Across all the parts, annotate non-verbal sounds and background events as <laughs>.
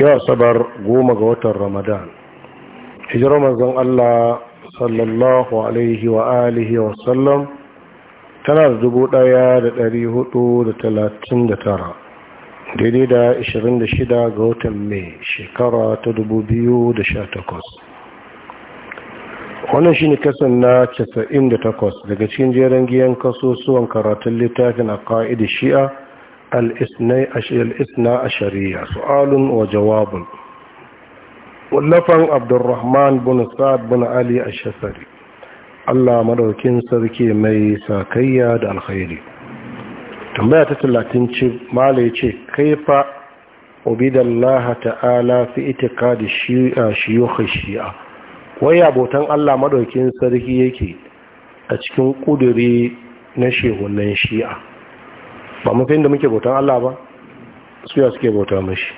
yau asabar goma ga watan ramadan hijira manzon allah sallallahu alaihi wa alihi wa sallam tana da dubu daya da dari hudu da talatin da tara daidai da ashirin da shida ga watan mai shekara ta dubu biyu da sha takwas wannan shi ne kasan na casa'in da takwas daga cikin jeren giyan kasusuwan karatun littafin a ka'idar shi'a الاثنى عشرية wa وجواب wallafan abdurrahman bin sa'ad bin ali ashasari allah madaukin sarki mai sakayya da alkhairi tambaya ta talatin ce mala ya ce kaifa ubidallah ta'ala fi itikadi shi'a shiyukh shi'a wai abotan allah maɗaukin sarki yake a cikin ƙuduri na shehunan shi'a ba mu da muke bautan Allah ba suya suke bauta mashi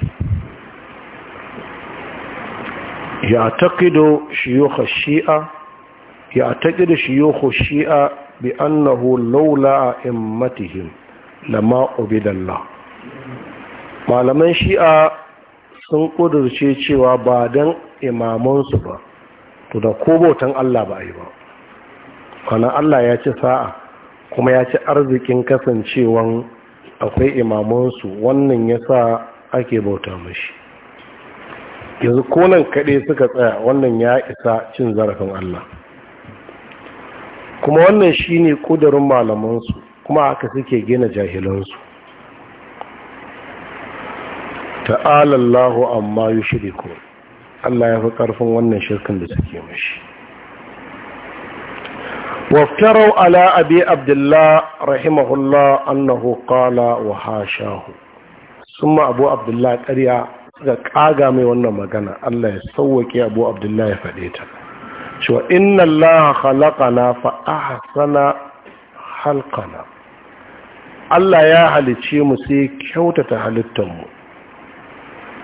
ya taqidu shuyukh shia ya taqidu shuyukh shia bi annahu laula immatihim lama ubidallah malaman shi'a sun ƙudurce cewa ba don imamansu ba to da ko bautan Allah ba yi ba kana Allah ya ci sa'a kuma ya ci arzikin kasancewan akwai imamansu wannan ya sa ake bauta mashi yanzu konan kaɗai suka tsaya wannan ya isa cin zarafin Allah kuma wannan shi ne ƙudurin malamansu kuma aka suke gina jahilansu ta'alallahu amma yi shirikun Allah ya fi ƙarfin wannan shirkin da suke mashi waftarau ala abi abdullah rahimahullah annahu qala wa hashahu summa abu abdullah ƙarya suka ƙaga mai wannan magana Allah ya sauwake abu abdullah ya faɗe ta cewa inna Allah khalaqana fa ahsana halqana Allah ya halice mu sai kyautata halittar mu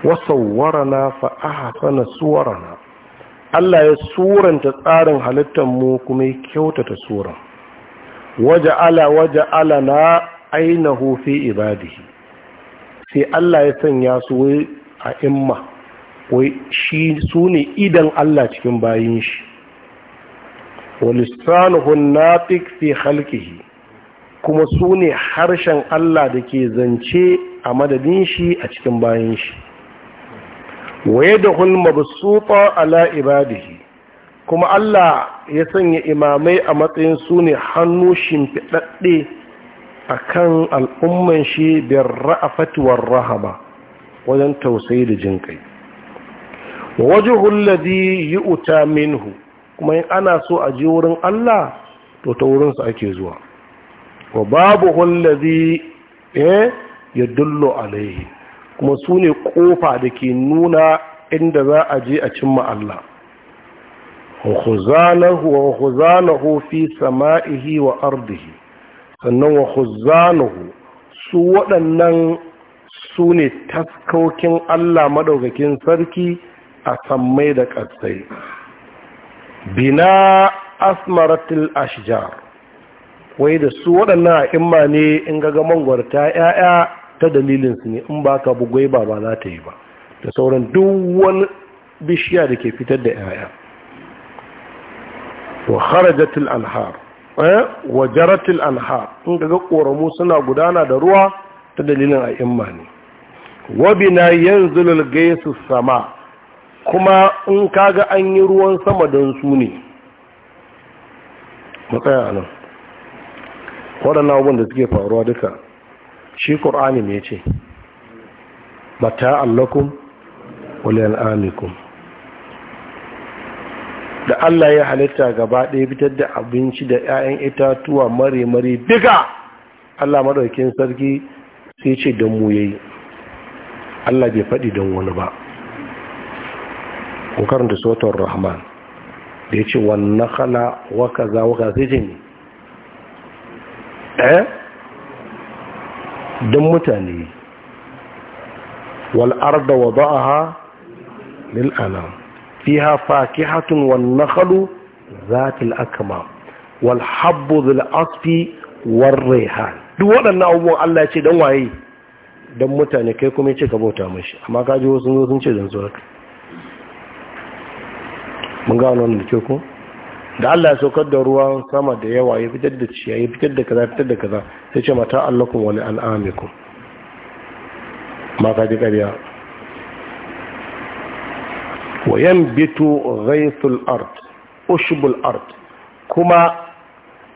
wa sawwarana fa ahsana suwarana Allah ya suranta tsarin halittar mu kuma ya kyautata suran waje ala waje ala na ainihu fi ibadihi sai Allah ya sanya su wai a imma wai shi su ne idan Allah cikin bayin shi walisanuhu natik fi halkihi kuma su ne harshen Allah da ke zance a madadin shi a cikin bayan shi waye da hulma basuta ala ibadihi kuma Allah ya sanya imamai a matsayin su ne hannu shimfiɗaɗɗe a kan al'umman shi biyar ra'afatuwar rahama wajen tausayi da jinƙai waje hulladi yi uta minhu kuma in ana so a ji wurin Allah to ta wurinsa ake zuwa wa babu hulladi eh ya dullo alaihi kuma su ne kofa da ke nuna inda za a je a cimma Allah wa khuzanahu fi sama'ihi wa ardihi sannan wa khuzanahu su waɗannan su ne taskokin Allah madaukakin sarki a sammai da ƙasai bina asmaratil ashjar wai da su waɗannan a ne in gaga mangwarta 'ya'ya ta dalilinsu ne in ba ka bugwai ba ba za ta yi ba da sauran duk wani bishiya da ke fitar da 'ya'ya wa harajatul anhar eh wa jaratul anhar in ga koramu suna gudana da ruwa ta dalilin a imma ne wa yanzu yanzulul gaisu sama kuma in kaga an yi ruwan sama don su ne matsaya nan waɗannan abin da suke faruwa duka shi ƙur'ani mai ce mata allakun waliyan amikun da Allah ya halitta gaba ɗaya fitar da abinci da 'ya'yan itatuwa mare-mare diga Allah maɗaukin sarki sai ce don mu yayi Allah bai faɗi don wani ba kun da sautar rahman da ya ce wannan kala waka za waka sai ce ne ɗaya eh? don mutane wal'ar da ha lil'ana fiha fakihatun wan nakhalu zatil akma wal habbu dhil asfi war ha, duk waɗannan abubuwan Allah ya ce dan waye dan mutane kai kuma ce ka bauta mashi amma kaji wasu sun zo sun ce dan zuwa mun gano wani da ke kuma da Allah ya saukar da ruwan sama da yawa ya fitar da ya fitar da kaza fitar da kaza sai ce mata allakum wani an'amikum ma ka ji ƙarya wa yanbitu ghaythul ard ushbul ard kuma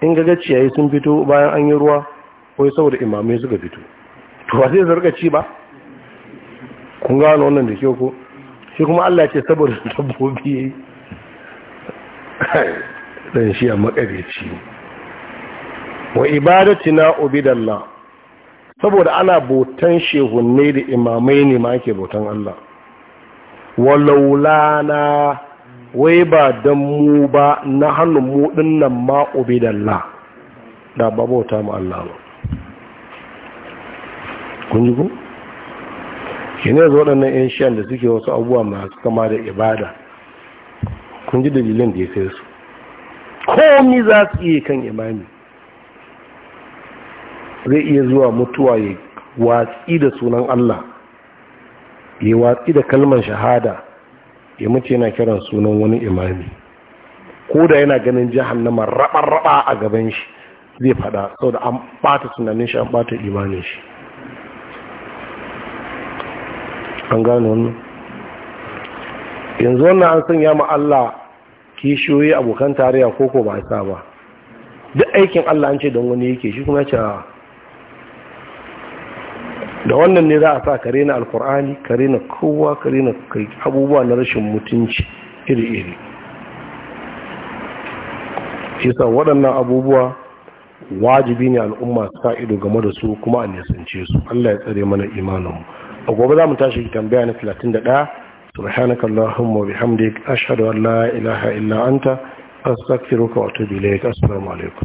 in gaga ciyayi sun fito bayan an yi ruwa wai saboda imamai suka fito to ba zai zarga ci ba kun gano wannan da ke ko shi kuma Allah ce saboda <laughs> dabbobi yayi dan shi a makareci wa ibadatina ubidallah saboda ana botan shehunne da imamai ne ma ake botan Allah walaulana wai ba dan mu ba na hannun mu dinnan ma ubidallah da ba bota mu Allah ba kun ji ku shi zo waɗannan yan shiyan da suke wasu abubuwa masu kama da ibada kun ji dalilin da ya sai su komi za su iya kan imami zai iya zuwa mutuwa ya watsi da sunan Allah ya watsi da kalmar shahada ya mace yana kiran sunan wani imami ko da yana ganin jahannama raba-raba a gaban shi zai fada saboda an bata tunanin shi an bata imanin shi an gano wannan yanzu wannan an sanya ma Allah kishiyoyi abokan tarayya ko ko ba sa ba duk aikin Allah an ce don wani yake shi kuma ce da wannan ne za a sa kare na alkur'ani kare na kowa kare na abubuwa na rashin mutunci iri-iri yasa waɗannan abubuwa wajibi ne al'umma sa ido game da su kuma a nisance su Allah ya tsare mana imaninmu a gobe za mu tashi tambaya na 31 subhanaka allahumma wa bihamdik ashhadu ilaha illa anta astaghfiruka wa atubu ilayk